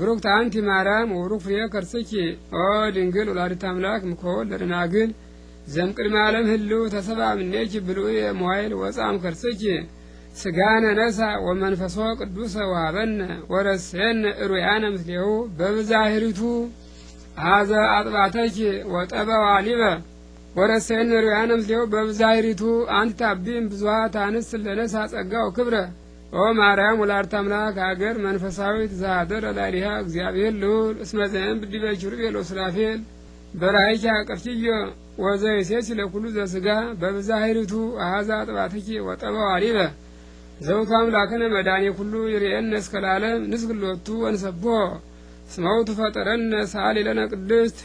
ብሩክት አንቲ ማርያም ወብሩክ ፍሬ ከርሥኪ ኦ ድንግል ወላዲተ አምላክ እምኮን ለደናግል ዘምቅድመ ዓለም ህልው ተሰባ እምኔኪ ብሉየ መዋይል ወጻም ከርሥኪ ስጋነ ነሳ ወመንፈሶ ቅዱሰ ወሀበነ ወረሴነ እሩያነ ምስሌሁ በብዝኃ ኅሩቱ አጥባተኪ ወጠበ ዋሊበ ወረሴነ እሩያነ ምስሌሁ በብዝኃ ኅሩቱ አንቲ ታቢም ለነሳ ጸጋው ክብረ ኦ ማርያም ወላዲተ አምላክ አገር መንፈሳዊት ዘኀደረ ላዕሌሃ እግዚአብሔር ልዑል እስመ ዘእንብ ዲበ ኪሩቤል ወሱራፌል በራእይኪ አቅፍኪየ ወዘይሴትሲ ለኩሉ ዘሥጋ በብዛ ኃይልቱ አኀዛ ጥባትኪ ወጠበዋሪበ ዘውቱ አምላክነ መድኃኔ ኩሉ ይርኤነ እስከ ለዓለም ንስግሎቱ ወንሰቦ እስመ ፈጠረነ ሰአሊ ለነ ቅድስት